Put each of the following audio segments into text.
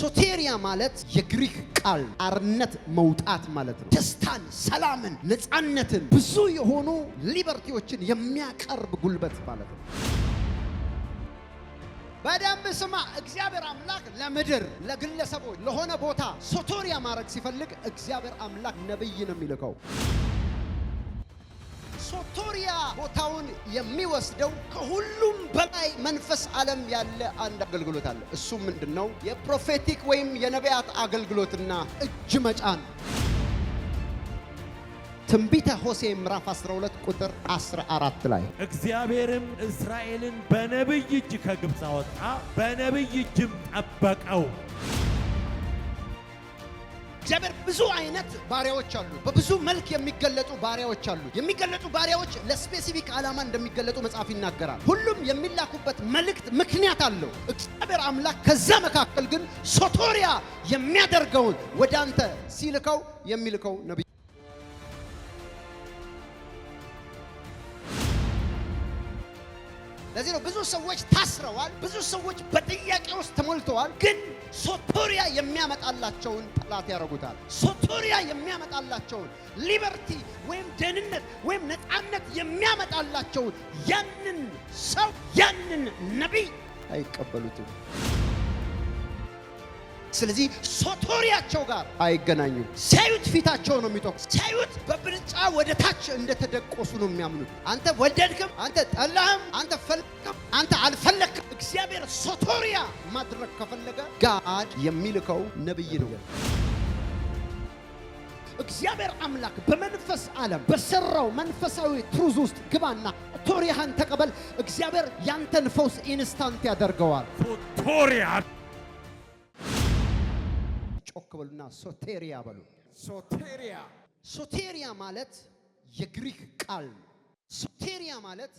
ሶቴሪያ ማለት የግሪክ ቃል አርነት መውጣት ማለት ነው። ደስታን፣ ሰላምን፣ ነፃነትን ብዙ የሆኑ ሊበርቲዎችን የሚያቀርብ ጉልበት ማለት ነው። በደንብ ስማ። እግዚአብሔር አምላክ ለምድር ለግለሰቦች ለሆነ ቦታ ሶቴሪያ ማድረግ ሲፈልግ እግዚአብሔር አምላክ ነብይ ነው የሚልከው። ሶቶሪያ ቦታውን የሚወስደው ከሁሉም በላይ መንፈስ ዓለም ያለ አንድ አገልግሎት አለ። እሱ ምንድን ነው? የፕሮፌቲክ ወይም የነቢያት አገልግሎትና እጅ መጫን። ትንቢተ ሆሴ ምዕራፍ 12 ቁጥር 14 ላይ እግዚአብሔርም እስራኤልን በነቢይ እጅ ከግብፅ አወጣ፣ በነቢይ እጅም ጠበቀው። እግዚአብሔር ብዙ አይነት ባሪያዎች አሉ። በብዙ መልክ የሚገለጡ ባሪያዎች አሉ። የሚገለጡ ባሪያዎች ለስፔሲፊክ ዓላማ እንደሚገለጡ መጽሐፍ ይናገራል። ሁሉም የሚላኩበት መልእክት ምክንያት አለው። እግዚአብሔር አምላክ ከዛ መካከል ግን ሶቶሪያ የሚያደርገውን ወደ አንተ ሲልከው የሚልከው ነቢይ ለዚህ ነው ብዙ ሰዎች ታስረዋል፣ ብዙ ሰዎች በጥያቄ ውስጥ ተሞልተዋል። ግን ሶቶሪያ የሚያመጣላቸውን ጠላት ያደርጉታል። ሶቶሪያ የሚያመጣላቸውን ሊበርቲ ወይም ደህንነት ወይም ነፃነት የሚያመጣላቸውን ያንን ሰው ያንን ነቢይ አይቀበሉትም። ስለዚህ ሶቶሪያቸው ጋር አይገናኙም። ሲያዩት ፊታቸው ነው የሚጠቁ። ሲያዩት በብልጫ ወደ ታች እንደተደቆሱ ነው የሚያምኑት። አንተ ወደድክም፣ አንተ ጠላህም፣ አንተ ፈልክም፣ አንተ አልፈለክም፣ እግዚአብሔር ሶቶሪያ ማድረግ ከፈለገ ጋድ የሚልከው ነብይ ነው። እግዚአብሔር አምላክ በመንፈስ ዓለም በሰራው መንፈሳዊ ትሩዝ ውስጥ ግባና ቶሪያህን ተቀበል። እግዚአብሔር ያንተን ፈውስ ኢንስታንት ያደርገዋል። ቶሪያ ጮክ በሉና ሶቴሪያ በሉ። ሶቴሪያ ሶቴሪያ ማለት የግሪክ ቃል ሶቴሪያ ማለት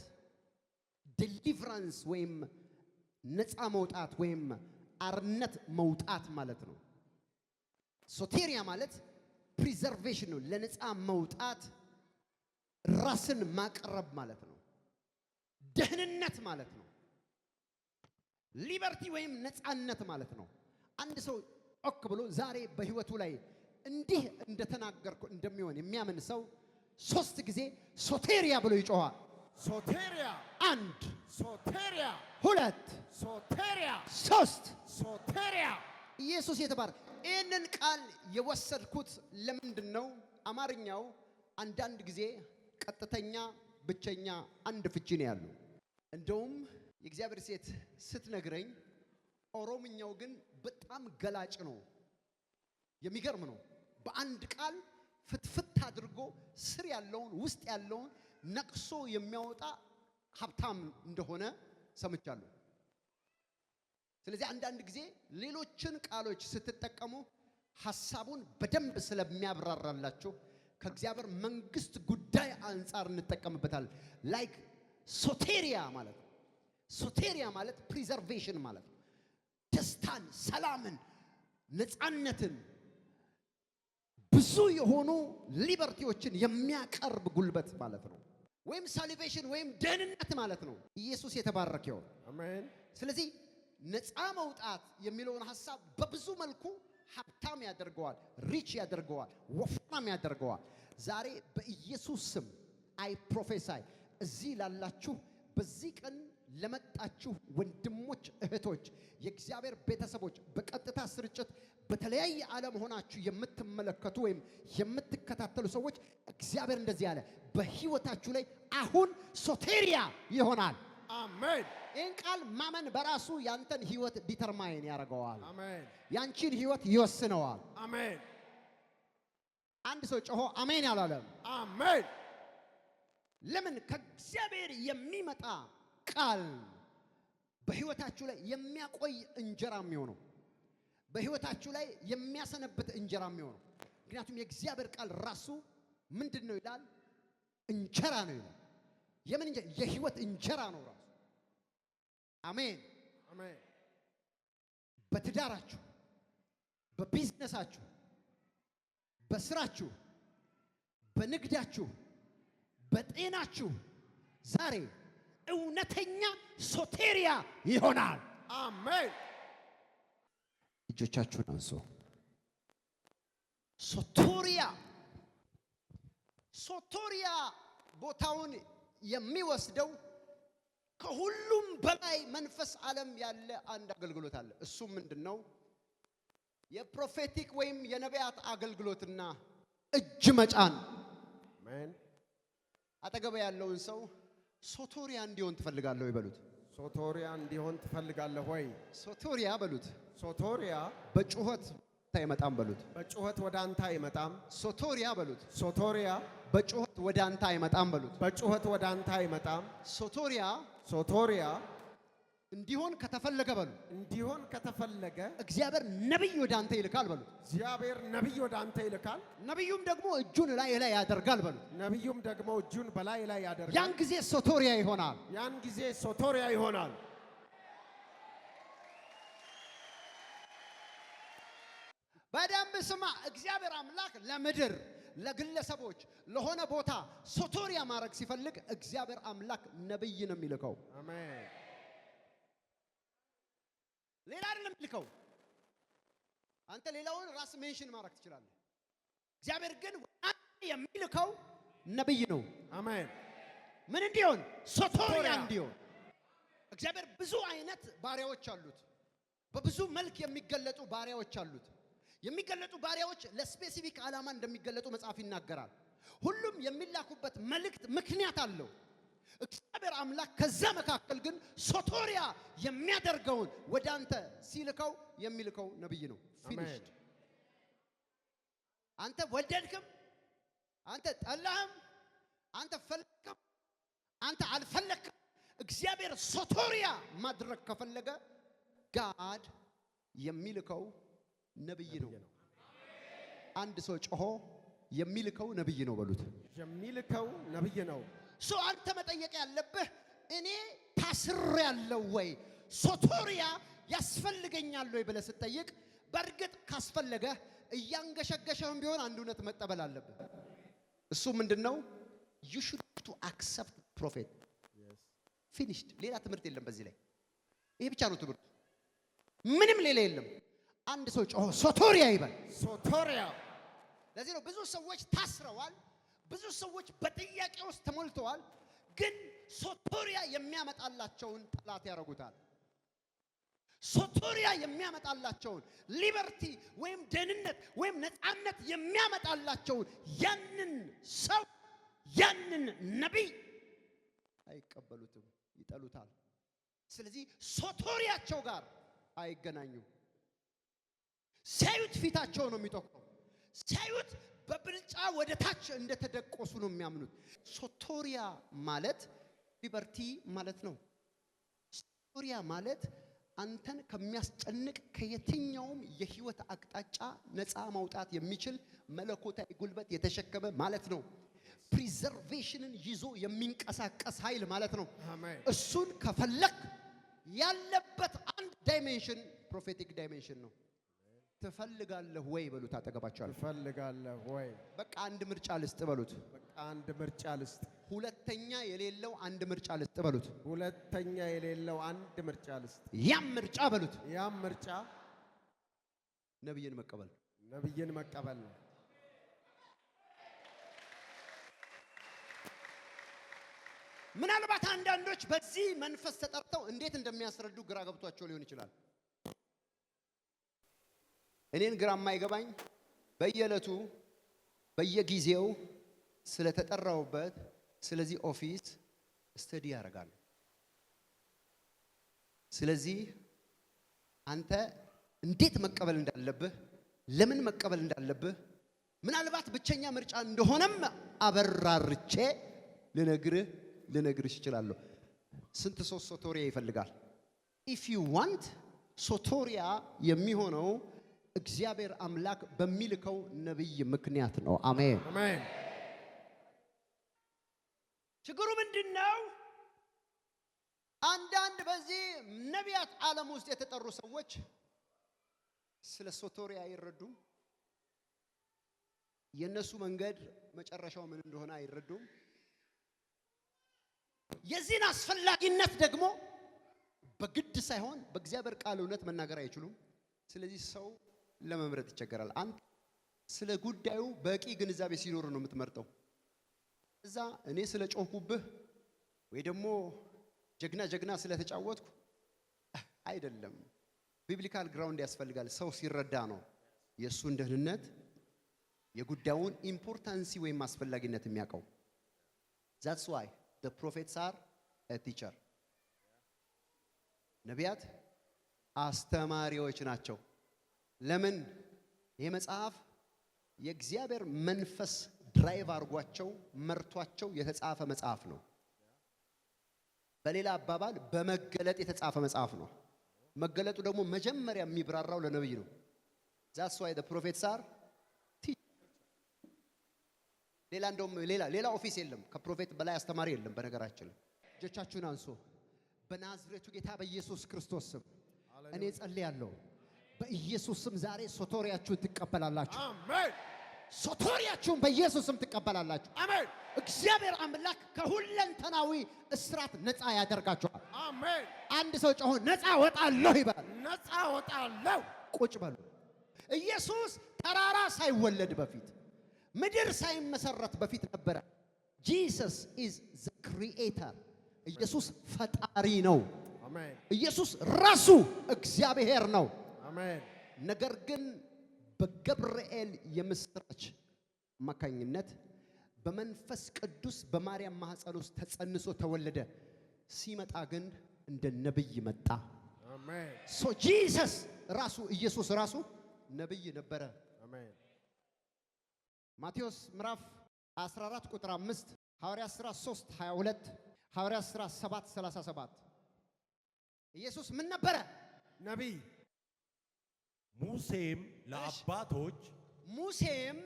ዴሊቨራንስ ወይም ነፃ መውጣት ወይም አርነት መውጣት ማለት ነው። ሶቴሪያ ማለት ፕሪዘርቬሽን ነው፣ ለነፃ መውጣት ራስን ማቀረብ ማለት ነው። ደህንነት ማለት ነው። ሊበርቲ ወይም ነፃነት ማለት ነው። አንድ ሰው ጮክ ብሎ ዛሬ በህይወቱ ላይ እንዲህ እንደተናገርኩ እንደሚሆን የሚያምን ሰው ሶስት ጊዜ ሶቴሪያ ብሎ ይጮኋል። ሶቴሪያ አንድ፣ ሶቴሪያ ሁለት፣ ሶቴሪያ ሶስት፣ ሶቴሪያ ኢየሱስ የተባረ። ይህንን ቃል የወሰድኩት ለምንድን ነው? አማርኛው አንዳንድ ጊዜ ቀጥተኛ፣ ብቸኛ፣ አንድ ፍቺ ነው ያሉ። እንደውም የእግዚአብሔር ሴት ስትነግረኝ ኦሮምኛው ግን በጣም ገላጭ ነው። የሚገርም ነው። በአንድ ቃል ፍትፍት አድርጎ ስር ያለውን ውስጥ ያለውን ነቅሶ የሚያወጣ ሀብታም እንደሆነ ሰምቻለሁ። ስለዚህ አንዳንድ ጊዜ ሌሎችን ቃሎች ስትጠቀሙ ሀሳቡን በደንብ ስለሚያብራራላችሁ ከእግዚአብሔር መንግስት ጉዳይ አንጻር እንጠቀምበታል። ላይክ ሶቴሪያ ማለት ነው። ሶቴሪያ ማለት ፕሪዘርቬሽን ማለት ነው። ደስታን፣ ሰላምን፣ ነፃነትን ብዙ የሆኑ ሊበርቲዎችን የሚያቀርብ ጉልበት ማለት ነው። ወይም ሳልቬሽን ወይም ደህንነት ማለት ነው። ኢየሱስ የተባረከ ይሁን። አሜን። ስለዚህ ነፃ መውጣት የሚለውን ሀሳብ በብዙ መልኩ ሀብታም ያደርገዋል፣ ሪች ያደርገዋል፣ ወፍራም ያደርገዋል። ዛሬ በኢየሱስ ስም አይ ፕሮፌሳይ እዚህ ላላችሁ በዚህ ቀን ለመጣችሁ ወንድሞች እህቶች፣ የእግዚአብሔር ቤተሰቦች በቀጥታ ስርጭት በተለያየ ዓለም ሆናችሁ የምትመለከቱ ወይም የምትከታተሉ ሰዎች እግዚአብሔር እንደዚህ ያለ በህይወታችሁ ላይ አሁን ሶቴሪያ ይሆናል። አሜን። ይህን ቃል ማመን በራሱ ያንተን ህይወት ዲተርማይን ያደርገዋል። ያንቺን ህይወት ይወስነዋል። አሜን። አንድ ሰው ጮሆ አሜን ያላለም አሜን። ለምን ከእግዚአብሔር የሚመጣ ቃል በህይወታችሁ ላይ የሚያቆይ እንጀራ የሚሆነው በህይወታችሁ ላይ የሚያሰነብት እንጀራ የሚሆነው። ምክንያቱም የእግዚአብሔር ቃል ራሱ ምንድን ነው ይላል? እንጀራ ነው ይላል። የምን እንጀራ? የህይወት እንጀራ ነው ራሱ። አሜን። በትዳራችሁ፣ በቢዝነሳችሁ፣ በስራችሁ፣ በንግዳችሁ፣ በጤናችሁ ዛሬ እውነተኛ ሶቴሪያ ይሆናል። አሜን። እጆቻችሁን አንሶ ሶቶሪያ ሶቶሪያ ቦታውን የሚወስደው ከሁሉም በላይ መንፈስ ዓለም ያለ አንድ አገልግሎት አለ። እሱም ምንድን ነው? የፕሮፌቲክ ወይም የነቢያት አገልግሎትና እጅ መጫን። አጠገበ ያለውን ሰው ሶቶሪያ እንዲሆን ትፈልጋለሁ ይበሉት። ሶቶሪያ እንዲሆን ትፈልጋለሁ ወይ? ሶቶሪያ በሉት። ሶቶሪያ በጩኸት አይመጣም በሉት። በጩኸት ወደ አንተ አይመጣም። ሶቶሪያ በሉት። ሶቶሪያ በጩኸት ወደ አንተ አይመጣም በሉት። በጩኸት ወደ አንተ አይመጣም። ሶቶሪያ ሶቶሪያ እንዲሆን ከተፈለገ በሉ እንዲሆን ከተፈለገ እግዚአብሔር ነብይ ወደ አንተ ይልካል በሉ እግዚአብሔር ነብይ ወደ አንተ ይልካል። ነብዩም ደግሞ እጁን ላይ ላይ ያደርጋል በሉ ነብዩም ደግሞ እጁን በላይ ላይ ያደርጋል። ያን ጊዜ ሶቶሪያ ይሆናል። ያን ጊዜ ሶቶሪያ ይሆናል። በደንብ ስማ። እግዚአብሔር አምላክ ለምድር ለግለሰቦች ለሆነ ቦታ ሶቶሪያ ማድረግ ሲፈልግ እግዚአብሔር አምላክ ነብይ ነው የሚልከው። አሜን ሌላ አይደለም ልከው አንተ ሌላውን ራስ ሜንሽን ማድረግ ትችላለህ። እግዚአብሔር ግን የሚልከው ነብይ ነው። አሜን። ምን እንዲሆን ሶቶሪያ እንዲሆን። እግዚአብሔር ብዙ አይነት ባሪያዎች አሉት። በብዙ መልክ የሚገለጡ ባሪያዎች አሉት። የሚገለጡ ባሪያዎች ለስፔሲፊክ ዓላማ እንደሚገለጡ መጽሐፍ ይናገራል። ሁሉም የሚላኩበት መልእክት ምክንያት አለው። እግዚአብሔር አምላክ ከዛ መካከል ግን ሶቶሪያ የሚያደርገውን ወደ አንተ ሲልከው የሚልከው ነብይ ነው። ፊኒሽድ። አንተ ወደድክም፣ አንተ ጠላህም፣ አንተ ፈለግክም፣ አንተ አልፈለግክም እግዚአብሔር ሶቶሪያ ማድረግ ከፈለገ ጋድ የሚልከው ነብይ ነው። አንድ ሰው ጮሆ የሚልከው ነብይ ነው በሉት። የሚልከው ነብይ ነው። ሰው አንተ መጠየቅ ያለብህ እኔ ታስር ያለው ወይ ሶቶሪያ ያስፈልገኛል ወይ ብለህ ስትጠይቅ፣ በእርግጥ ካስፈለገህ እያንገሸገሸህም ቢሆን አንድ እውነት መጠበል አለብህ። እሱ ምንድን ነው? ዩ ሹድ ቱ አክሰፕት ፕሮፌት ፊኒሽድ። ሌላ ትምህርት የለም በዚህ ላይ ይሄ ብቻ ነው ትምህርቱ። ምንም ሌላ የለም። አንድ ሰው ጮሆ ሶቶሪያ ይበል። ሶቶሪያ። ለዚህ ነው ብዙ ሰዎች ታስረዋል ብዙ ሰዎች በጥያቄ ውስጥ ተሞልተዋል፣ ግን ሶቶሪያ የሚያመጣላቸውን ጠላት ያደርጉታል። ሶቶሪያ የሚያመጣላቸውን ሊበርቲ ወይም ደህንነት ወይም ነፃነት የሚያመጣላቸውን ያንን ሰው ያንን ነቢይ አይቀበሉትም፣ ይጠሉታል። ስለዚህ ሶቶሪያቸው ጋር አይገናኙም። ሲያዩት ፊታቸው ነው የሚጠቁረው። ሲያዩት በብልጫ ወደ ታች እንደተደቆሱ ነው የሚያምኑት። ሶቶሪያ ማለት ሊበርቲ ማለት ነው። ሶቶሪያ ማለት አንተን ከሚያስጨንቅ ከየትኛውም የህይወት አቅጣጫ ነፃ ማውጣት የሚችል መለኮታዊ ጉልበት የተሸከመ ማለት ነው። ፕሪዘርቬሽንን ይዞ የሚንቀሳቀስ ኃይል ማለት ነው። እሱን ከፈለክ ያለበት አንድ ዳይሜንሽን ፕሮፌቲክ ዳይሜንሽን ነው። ትፈልጋለህ ወይ በሉት። አጠገባቸዋል ትፈልጋለህ ወይ? በቃ አንድ ምርጫ ልስጥ በሉት። በቃ አንድ ምርጫ ልስጥ። ሁለተኛ የሌለው አንድ ምርጫ ልስጥ በሉት። ሁለተኛ የሌለው አንድ ምርጫ ልስጥ። ያም ምርጫ በሉት። ያም ምርጫ ነብይን መቀበል፣ ነብይን መቀበል ነው። ምናልባት አንዳንዶች በዚህ መንፈስ ተጠርተው እንዴት እንደሚያስረዱ ግራ ገብቷቸው ሊሆን ይችላል። እኔን ግራ የማይገባኝ በየዕለቱ በየጊዜው ስለተጠራውበት ስለዚህ ኦፊስ ስተዲ ያደርጋሉ። ስለዚህ አንተ እንዴት መቀበል እንዳለብህ፣ ለምን መቀበል እንዳለብህ ምናልባት ብቸኛ ምርጫ እንደሆነም አበራርቼ ልነግርህ ልነግርሽ እችላለሁ። ስንት ሶስት ሶቶሪያ ይፈልጋል? ኢፍ ዩ ዋንት ሶቶሪያ የሚሆነው እግዚአብሔር አምላክ በሚልከው ነቢይ ምክንያት ነው። አሜን። ችግሩ ምንድን ነው? አንዳንድ በዚህ ነቢያት ዓለም ውስጥ የተጠሩ ሰዎች ስለ ሶቴሪያ አይረዱም። የእነሱ መንገድ መጨረሻው ምን እንደሆነ አይረዱም። የዚህን አስፈላጊነት ደግሞ በግድ ሳይሆን በእግዚአብሔር ቃል እውነት መናገር አይችሉም። ስለዚህ ሰው ለመምረጥ ይቸገራል። አንተ ስለ ጉዳዩ በቂ ግንዛቤ ሲኖር ነው የምትመርጠው። እዛ እኔ ስለ ጮኩብህ ወይ ደግሞ ጀግና ጀግና ስለተጫወትኩ አይደለም። ቢብሊካል ግራውንድ ያስፈልጋል። ሰው ሲረዳ ነው የእሱን ደህንነት የጉዳዩን ኢምፖርታንሲ ወይም አስፈላጊነት የሚያውቀው። ዛትስ ዋይ ዘ ፕሮፌትስ አር ቲቸር ነቢያት አስተማሪዎች ናቸው። ለምን ይህ መጽሐፍ የእግዚአብሔር መንፈስ ድራይቭ አድርጓቸው መርቷቸው የተጻፈ መጽሐፍ ነው። በሌላ አባባል በመገለጥ የተጻፈ መጽሐፍ ነው። መገለጡ ደግሞ መጀመሪያ የሚብራራው ለነብይ ነው። ዛስ ዋይ ፕሮፌት ሳር ሌላ እንደውም ሌላ ሌላ ኦፊስ የለም። ከፕሮፌት በላይ አስተማሪ የለም። በነገራችን ላይ እጆቻችሁን አንሶ በናዝሬቱ ጌታ በኢየሱስ ክርስቶስ ስም እኔ ጸልያለሁ። በኢየሱስ ስም ዛሬ ሶቶሪያችሁን ትቀበላላችሁ። አሜን። ሶቶሪያችሁን በኢየሱስም ስም ትቀበላላችሁ። አሜን። እግዚአብሔር አምላክ ከሁለንተናዊ እስራት ነፃ ያደርጋችኋል። አሜን። አንድ ሰው ጮሆ ነፃ ወጣለሁ ይበል። ነፃ ወጣለሁ። ቁጭ በሉ። ኢየሱስ ተራራ ሳይወለድ በፊት ምድር ሳይመሰረት በፊት ነበረ። ጂሰስ ኢዝ ዘ ክሪኤተር። ኢየሱስ ፈጣሪ ነው። ኢየሱስ ራሱ እግዚአብሔር ነው። ነገር ግን በገብርኤል የምስራች አማካኝነት በመንፈስ ቅዱስ በማርያም ማህፀን ውስጥ ተጸንሶ ተወለደ። ሲመጣ ግን እንደ ነብይ መጣ። ሶ ጂሰስ ራሱ ኢየሱስ ራሱ ነብይ ነበረ። ማቴዎስ ምዕራፍ 14 ቁጥር 5፣ ሐዋርያት ሥራ 3 22፣ ሐዋርያት ሥራ 7 37 ኢየሱስ ምን ነበረ? ነብይ ሙሴም ለአባቶች ሙሴም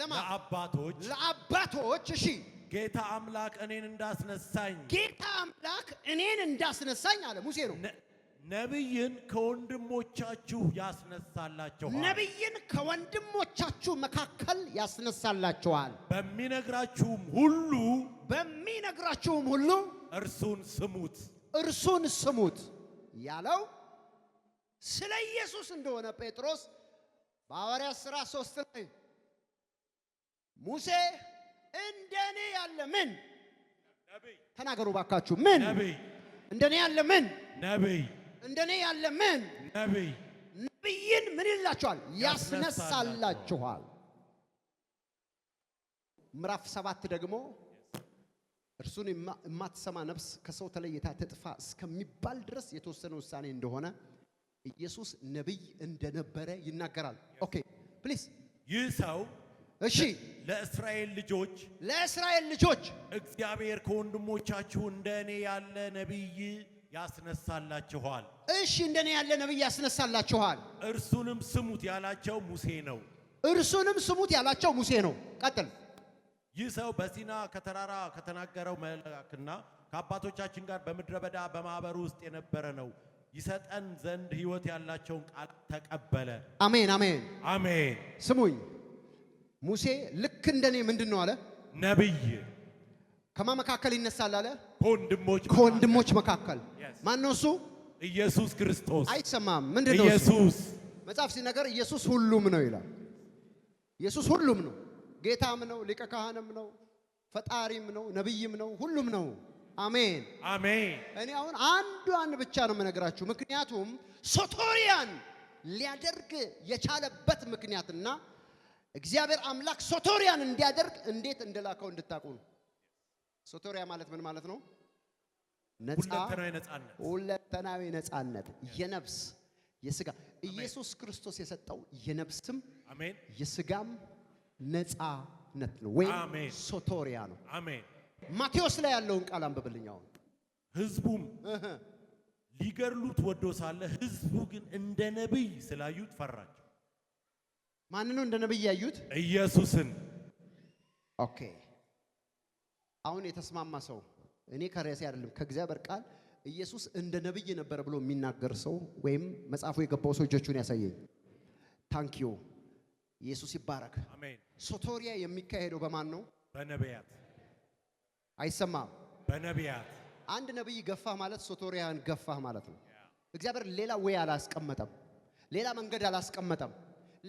ለአባቶች ለአባቶች እሺ ጌታ አምላክ እኔን እንዳስነሳኝ ጌታ አምላክ እኔን እንዳስነሳኝ አለ ሙሴ ነው። ነቢይን ከወንድሞቻችሁ ያስነሳላችኋል ነቢይን ከወንድሞቻችሁ መካከል ያስነሳላችኋል። በሚነግራችሁም ሁሉ በሚነግራችሁም ሁሉ እርሱን ስሙት እርሱን ስሙት ያለው ስለ ኢየሱስ እንደሆነ ጴጥሮስ በሐዋርያት ሥራ ሶስት ላይ ሙሴ እንደኔ ያለ ምን ተናገሩ ባካችሁ። ምን እንደኔ ያለ ምን ነብይ እንደኔ ያለ ምን ነብይ ነብይን ምን ይላችኋል? ያስነሳላችኋል። ምዕራፍ ሰባት ደግሞ እርሱን የማትሰማ ነፍስ ከሰው ተለይታ ትጥፋ እስከሚባል ድረስ የተወሰነ ውሳኔ እንደሆነ ኢየሱስ ነብይ እንደነበረ ይናገራል። ኦኬ ፕሊዝ። ይህ ሰው እሺ ለእስራኤል ልጆች ለእስራኤል ልጆች እግዚአብሔር ከወንድሞቻችሁ እንደ እኔ ያለ ነብይ ያስነሳላችኋል። እሺ እንደ እኔ ያለ ነብይ ያስነሳላችኋል። እርሱንም ስሙት ያላቸው ሙሴ ነው። እርሱንም ስሙት ያላቸው ሙሴ ነው። ቀጥል። ይህ ሰው በሲና ከተራራ ከተናገረው መልአክና ከአባቶቻችን ጋር በምድረ በዳ በማኅበሩ ውስጥ የነበረ ነው። ይሰጠን ዘንድ ሕይወት ያላቸውን ቃል ተቀበለ። አሜን አሜን አሜን። ስሙኝ፣ ሙሴ ልክ እንደኔ ምንድን ነው አለ ነቢይ ከማ መካከል ይነሳል አለ ከወንድሞች መካከል ማን ነው እሱ? ኢየሱስ ክርስቶስ። አይሰማም? ምንድን ነው ኢየሱስ? መጽሐፍ ሲነገር ኢየሱስ ሁሉም ነው ይላል። ኢየሱስ ሁሉም ነው፣ ጌታም ነው፣ ሊቀ ካህንም ነው፣ ፈጣሪም ነው፣ ነቢይም ነው፣ ሁሉም ነው። አሜን አሜን። እኔ አሁን አንዷን ብቻ ነው የምነግራችሁ፣ ምክንያቱም ሶቶሪያን ሊያደርግ የቻለበት ምክንያትና እግዚአብሔር አምላክ ሶቶሪያን እንዲያደርግ እንዴት እንደላከው እንድታውቁ ነው። ሶቶሪያ ማለት ምን ማለት ነው? ሁለንተናዊ ነፃነት፣ የነፍስ የስጋ ኢየሱስ ክርስቶስ የሰጠው የነፍስም የስጋም ነፃነት ነው ወይም ሶቶሪያ ነው። ማቴዎስ ላይ ያለውን ቃል አንብብልኝ። አሁን ህዝቡም ሊገድሉት ወዶ ሳለ ህዝቡ ግን እንደ ነቢይ ስላዩት ፈራቸው። ማን ነው እንደ ነቢይ ያዩት? ኢየሱስን። ኦኬ አሁን የተስማማ ሰው እኔ ከራሴ አይደለም ከእግዚአብሔር ቃል ኢየሱስ እንደ ነቢይ ነበረ ብሎ የሚናገር ሰው ወይም መጽሐፉ የገባው ሰው እጆቹን ያሳየኝ። ታንኪዩ ኢየሱስ ይባረክ። አሜን። ሶቶሪያ የሚካሄደው በማን ነው? በነቢያት አይሰማም። በነቢያት አንድ ነቢይ ገፋህ ማለት ሶቶሪያን ገፋህ ማለት ነው። እግዚአብሔር ሌላ ወይ አላስቀመጠም፣ ሌላ መንገድ አላስቀመጠም፣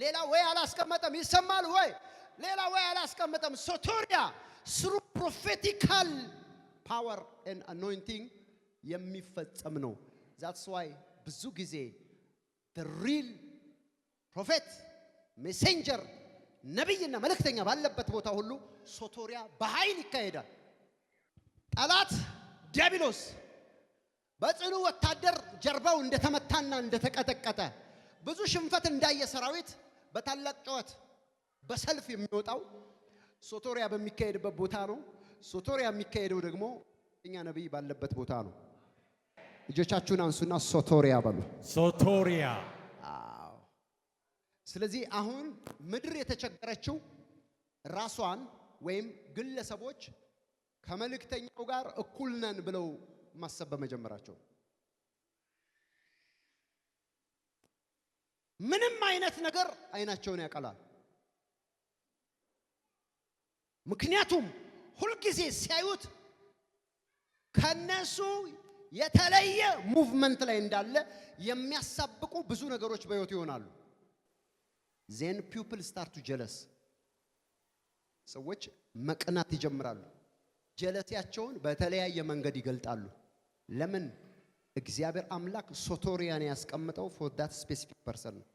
ሌላ ወይ አላስቀመጠም። ይሰማል ወይ? ሌላ ወይ አላስቀመጠም። ሶቶሪያ ስሩ ፕሮፌቲካል ፓወር ኤን አኖይንቲንግ የሚፈጸም ነው። ዛትስ ዋይ ብዙ ጊዜ ሪል ፕሮፌት ሜሴንጀር ነቢይና መልእክተኛ ባለበት ቦታ ሁሉ ሶቶሪያ በኃይል ይካሄዳል። ጠላት ዲያብሎስ በጽኑ ወታደር ጀርባው እንደተመታና እንደተቀጠቀጠ ብዙ ሽንፈት እንዳየ ሰራዊት በታላቅ ጩኸት በሰልፍ የሚወጣው ሶቶሪያ በሚካሄድበት ቦታ ነው። ሶቶሪያ የሚካሄደው ደግሞ እኛ ነቢይ ባለበት ቦታ ነው። እጆቻችሁን አንሱና ሶቶሪያ በሉ። ሶቶሪያ። ስለዚህ አሁን ምድር የተቸገረችው ራሷን ወይም ግለሰቦች ከመልእክተኛው ጋር እኩል ነን ብለው ማሰብ በመጀመራቸው ምንም አይነት ነገር አይናቸውን ያቀላል። ምክንያቱም ሁልጊዜ ሲያዩት ከነሱ የተለየ ሙቭመንት ላይ እንዳለ የሚያሳብቁ ብዙ ነገሮች በህይወት ይሆናሉ። ዜን ፒፕል ስታርቱ ጀለስ ሰዎች መቅናት ይጀምራሉ። ጀለቲያቸውን በተለያየ መንገድ ይገልጣሉ። ለምን? እግዚአብሔር አምላክ ሶቶሪያን ያስቀምጠው ፎር ዳት ስፔሲፊክ ፐርሰን ነው።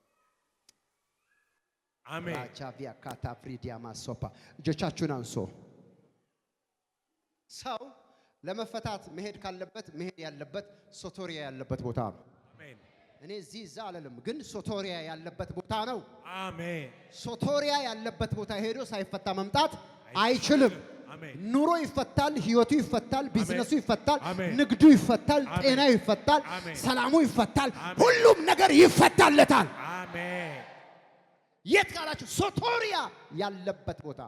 አሜን። ቻቪያ ካታ ፍሪዲያ ማሶፓ እጆቻችሁን አንሶ ሰው ለመፈታት መሄድ ካለበት መሄድ ያለበት ሶቶሪያ ያለበት ቦታ ነው። እኔ እዚህ እዛ አለልም፣ ግን ሶቶሪያ ያለበት ቦታ ነው። አሜን። ሶቶሪያ ያለበት ቦታ ሄዶ ሳይፈታ መምጣት አይችልም። ኑሮ ይፈታል፣ ህይወቱ ይፈታል፣ ቢዝነሱ ይፈታል፣ ንግዱ ይፈታል፣ ጤናው ይፈታል፣ ሰላሙ ይፈታል፣ ሁሉም ነገር ይፈታለታል። የት ካላችሁ ሶቶሪያ ያለበት ቦታ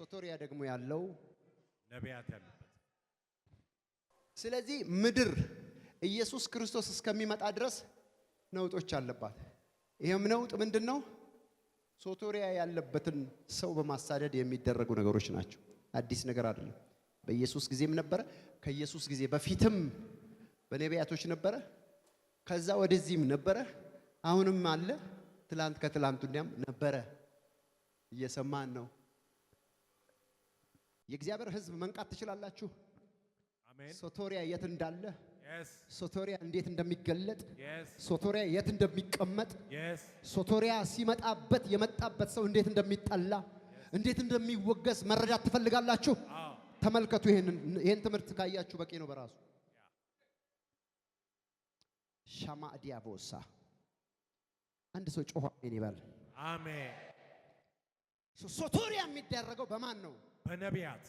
ሶቶሪያ ደግሞ ያለው ነቢያት ያለበት ስለዚህ ምድር ኢየሱስ ክርስቶስ እስከሚመጣ ድረስ ነውጦች አለባት። ይህም ነውጥ ምንድን ነው? ሶቶሪያ ያለበትን ሰው በማሳደድ የሚደረጉ ነገሮች ናቸው። አዲስ ነገር አይደለም። በኢየሱስ ጊዜም ነበረ፣ ከኢየሱስ ጊዜ በፊትም በነቢያቶች ነበረ፣ ከዛ ወደዚህም ነበረ፣ አሁንም አለ፣ ትላንት ከትላንቱ እንዲያም ነበረ። እየሰማን ነው። የእግዚአብሔር ሕዝብ መንቃት ትችላላችሁ። ሶቶሪያ የት እንዳለ ሶቶሪያ እንዴት እንደሚገለጥ ሶቶሪያ የት እንደሚቀመጥ ሶቶሪያ ሲመጣበት የመጣበት ሰው እንዴት እንደሚጠላ እንዴት እንደሚወገዝ መረዳት ትፈልጋላችሁ? ተመልከቱ። ይህን ትምህርት ካያችሁ በቂ ነው በራሱ ሻማ ዲያቦሳ አንድ ሰው ጮሆ አሜን ይበል። አሜን። ሶቶሪያ የሚደረገው በማን ነው? በነቢያት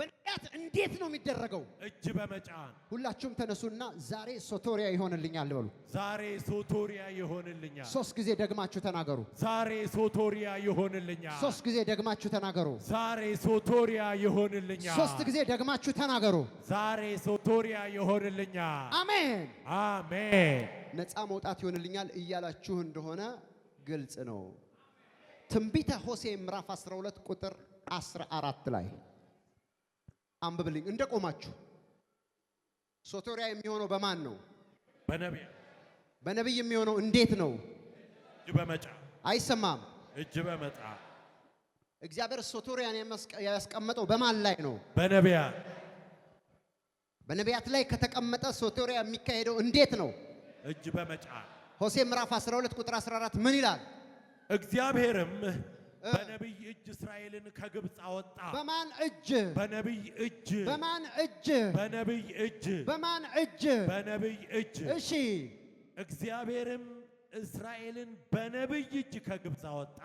በንቃት እንዴት ነው የሚደረገው? እጅ በመጫን ሁላችሁም ተነሱና ዛሬ ሶቶሪያ ይሆንልኛል በሉ። ዛሬ ሶቶሪያ ይሆንልኛል። ሶስት ጊዜ ደግማችሁ ተናገሩ። ዛሬ ሶቶሪያ ይሆንልኛል። ሶስት ጊዜ ደግማችሁ ተናገሩ። ዛሬ ሶቶሪያ ይሆንልኛል። ሶስት ጊዜ ደግማችሁ ተናገሩ። ዛሬ ሶቶሪያ ይሆንልኛል። አሜን አሜን። ነፃ መውጣት ይሆንልኛል እያላችሁ እንደሆነ ግልጽ ነው። ትንቢተ ሆሴ ምዕራፍ 12 ቁጥር 14 ላይ አንብብልኝ እንደ ቆማችሁ። ሶቴሪያ የሚሆነው በማን ነው? በነቢይ በነቢይ የሚሆነው እንዴት ነው? እጅ በመጫ አይሰማም። እጅ በመጣ እግዚአብሔር ሶቴሪያን ያስቀመጠው በማን ላይ ነው? በነቢያ በነቢያት ላይ ከተቀመጠ ሶቴሪያ የሚካሄደው እንዴት ነው? እጅ በመጫ ሆሴ ምዕራፍ 12 ቁጥር 14 ምን ይላል? እግዚአብሔርም በነቢይ እጅ እስራኤልን ከግብፅ አወጣ። በማን እጅ? በነቢይ እጅ። በማን እጅ? በነቢይ እጅ። በማን እጅ? በነቢይ እጅ። እሺ። እግዚአብሔርም እስራኤልን በነቢይ እጅ ከግብፅ አወጣ፣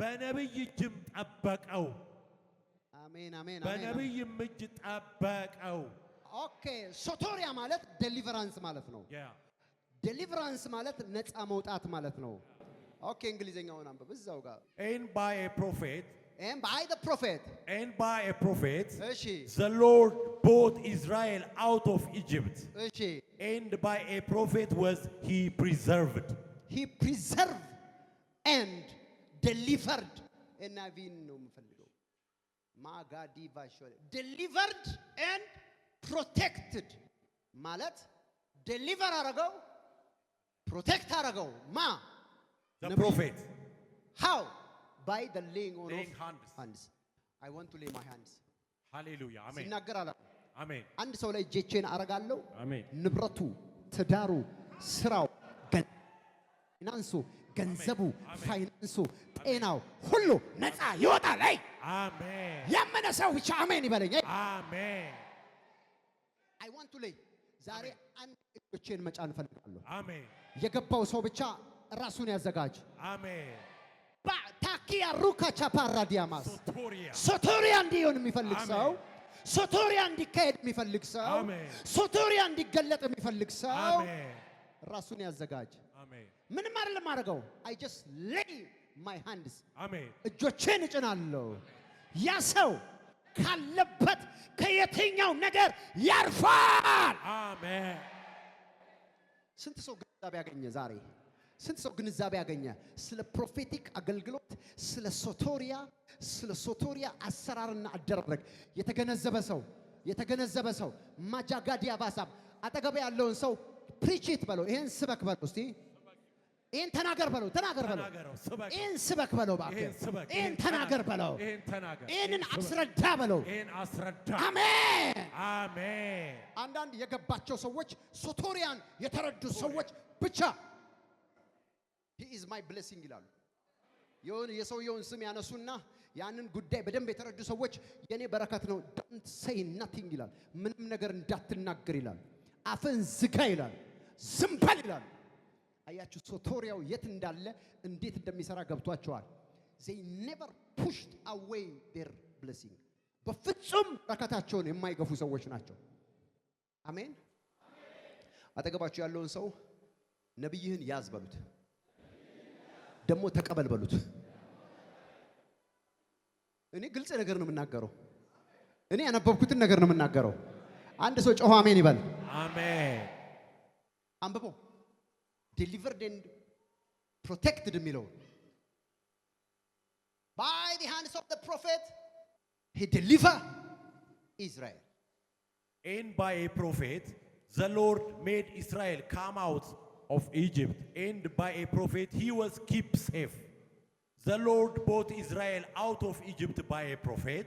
በነቢይ እጅም ጠበቀው። አሜን አሜን። በነቢይም እጅ ጠበቀው። ኦኬ። ሶቶሪያ ማለት ዴሊቨራንስ ማለት ነው። ዴሊቨራንስ ማለት ነፃ መውጣት ማለት ነው። ኦኬ እንግሊዘኛውን አንብብ እዛው ጋር ኤንድ ባይ ኤ ፕሮፌት ኤንድ ባይ ዘ ፕሮፌት ኤንድ ባይ ኤ ፕሮፌት እሺ ዘ ሎርድ ቦት ኢዝራኤል አውት ኦፍ ኢጅፕት እሺ ኤንድ ባይ ኤ ፕሮፌት ዋዝ ሂ ፕሪዘርቭድ ሂ ፕሪዘርቭድ ኤንድ ዴሊቨርድ እና ቪን ነው የምፈልገው ማጋዲቫ ዴሊቨርድ ኤንድ ፕሮቴክትድ ማለት ዴሊቨር አረገው ፕሮቴክት አረገው ማ the prophet. How? By the laying on laying of hands. hands. I want to lay my hands. Hallelujah. Amen. ሲናገር አላ አሜን። አንድ ሰው ላይ እጄቼን አረጋለሁ። አሜን። ንብረቱ፣ ትዳሩ፣ ስራው፣ ፋይናንሱ፣ ገንዘቡ፣ ፋይናንሱ፣ ጤናው ሁሉ ነፃ ይወጣል። አይ አሜን። ያመነ ሰው ብቻ አሜን ይበለኝ። አሜን። አይ ዋንት ቱ ሌይ ዛሬ አንድ እጆቼን መጫን እፈልጋለሁ። አሜን። የገባው ሰው ብቻ ራሱን ያዘጋጅ። አሜን። ታኪያ ሩካ ቻፓራ ዲያማስ ሶቶሪያ እንዲሆን የሚፈልግ ሰው ሶቶሪያ እንዲካሄድ የሚፈልግ ሰው ሶቶሪያ እንዲገለጥ የሚፈልግ ሰው ራሱን ያዘጋጅ። ምንም አይደለም አድርገው። አይ ጀስት ሌይ ማይ ሃንድስ እጆቼን እጭናለሁ። ያ ሰው ካለበት ከየትኛው ነገር ያርፋል። አሜን። ስንት ሰው ግንዛቤ ያገኘ ዛሬ ስንት ሰው ግንዛቤ ያገኘ ስለ ፕሮፌቲክ አገልግሎት ስለ ሶቶሪያ ስለ ሶቶሪያ አሰራርና አደራረግ የተገነዘበ ሰው የተገነዘበ ሰው ማጃጋዲያ ባሳብ አጠገብ ያለውን ሰው ፕሪቺት በለው፣ ይሄን ስበክ በለው፣ እስቲ ይሄን ተናገር በለው፣ ተናገር በለው፣ ይሄን ስበክ በለው፣ ይሄን ተናገር በለው፣ ይሄንን አስረዳ በለው። ይሄን አስረዳ። አሜን አሜን። አንዳንድ የገባቸው ሰዎች ሶቶሪያን የተረዱ ሰዎች ብቻ ኢዝ ማይ ብሌሲንግ ይላሉ። የሆነ የሰውየውን ስም ያነሱና ያንን ጉዳይ በደንብ የተረዱ ሰዎች የኔ በረከት ነው። ዶንት ሴይ ናቲንግ ይላል። ምንም ነገር እንዳትናገር ይላል። አፍን ዝጋ ይላል። ዝም በል ይላል። አያችሁ፣ ሶቶሪያው የት እንዳለ እንዴት እንደሚሰራ ገብቷቸዋል። ዜይ ኔቨር ፑሽድ አዌይ ዴር ብሌሲንግ። በፍጹም በረከታቸውን የማይገፉ ሰዎች ናቸው። አሜን። አጠገባችሁ ያለውን ሰው ነቢይህን ያዝ በሉት። ደግሞ ተቀበል በሉት። እኔ ግልጽ ነገር ነው የምናገረው። እኔ ያነበብኩትን ነገር ነው የምናገረው። አንድ ሰው ጮሆ አሜን ይበል። አሜን አንብቦ ዴሊቨርድ ኤንድ ፕሮቴክትድ የሚለው ባይ ዘ ሃንድስ ኦፍ ዘ ፕሮፌት ሂ ዴሊቨር ኢዝራኤል ኤን ባይ ኤ ፕሮፌት ዘ ሎርድ ሜድ ኢስራኤል ካም አውት of Egypt, and by a prophet he was kept safe. The Lord brought Israel out of Egypt by a prophet,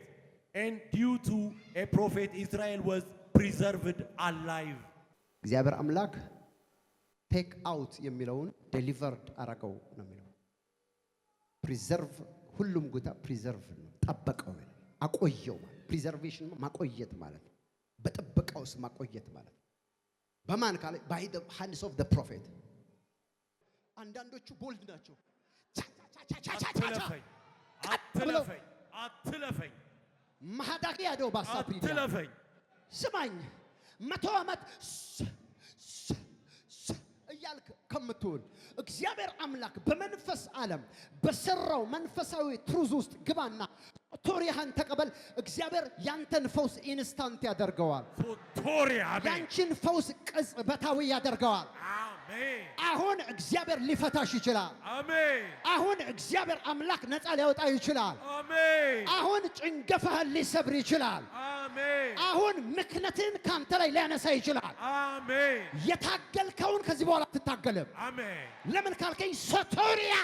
and due to a prophet Israel was preserved alive. እግዚአብሔር አምላክ ቴክ አውት የሚለውን ዴሊቨርድ አረገው ነው የሚለው። ፕሪዘርቭ ሁሉም ጉታ ፕሪዘርቭ ነው፣ ጠበቀው፣ አቆየው። ፕሪዘርቬሽን ማቆየት ማለት ነው፣ በጥበቃ ውስጥ ማቆየት ማለት ነው። በማን ካለ ባይ ዘ ሃንድስ ኦፍ ዘ ፕሮፌት። አንዳንዶቹ ቦልድ ናቸው። አትለፈኝ አትለፈኝ ማዳቂ ያደው ባሳፕ አትለፈኝ። ስማኝ መቶ ዓመት እያልክ ከምትውል እግዚአብሔር አምላክ በመንፈስ ዓለም በሰራው መንፈሳዊ ትሩዝ ውስጥ ግባና ቶሪያህን ተቀበል። እግዚአብሔር ያንተን ፈውስ ኢንስታንት ያደርገዋል። ያንቺን ፈውስ ቅጽበታዊ ያደርገዋል። አሁን እግዚአብሔር ሊፈታሽ ይችላል። አሁን እግዚአብሔር አምላክ ነፃ ሊያወጣ ይችላል። አሁን ጭንገፋህን ሊሰብር ይችላል። አሁን ምክነትን ካንተ ላይ ሊያነሳ ይችላል። የታገልከውን ከዚህ በኋላ አትታገልም። ለምን ካልከኝ ሶቶሪያ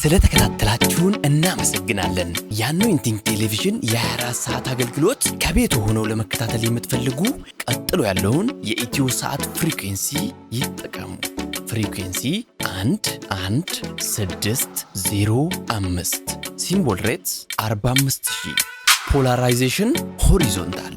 ስለተከታተላችሁን እናመሰግናለን። የአኖይንቲንግ ቴሌቪዥን የ24 ሰዓት አገልግሎት ከቤት ሆነው ለመከታተል የምትፈልጉ ቀጥሎ ያለውን የኢትዮ ሰዓት ፍሪኩንሲ ይጠቀሙ። ፍሪኩንሲ 1 ሲምቦል ሬትስ 45000 ፖላራይዜሽን ሆሪዞንታል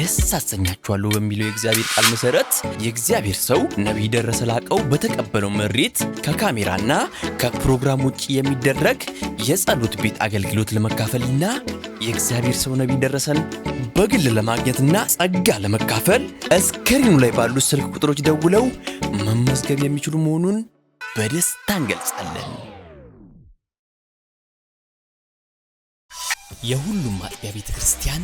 ደስ አሰኛችኋለሁ በሚለው የእግዚአብሔር ቃል መሰረት የእግዚአብሔር ሰው ነቢይ ደረሰ ላቀው በተቀበለው መሬት ከካሜራና ከፕሮግራም ውጭ የሚደረግ የጸሎት ቤት አገልግሎት ለመካፈልና የእግዚአብሔር ሰው ነቢይ ደረሰን በግል ለማግኘትና ጸጋ ለመካፈል እስክሪኑ ላይ ባሉት ስልክ ቁጥሮች ደውለው መመዝገብ የሚችሉ መሆኑን በደስታ እንገልጻለን። የሁሉም ማጥቢያ ቤተ ክርስቲያን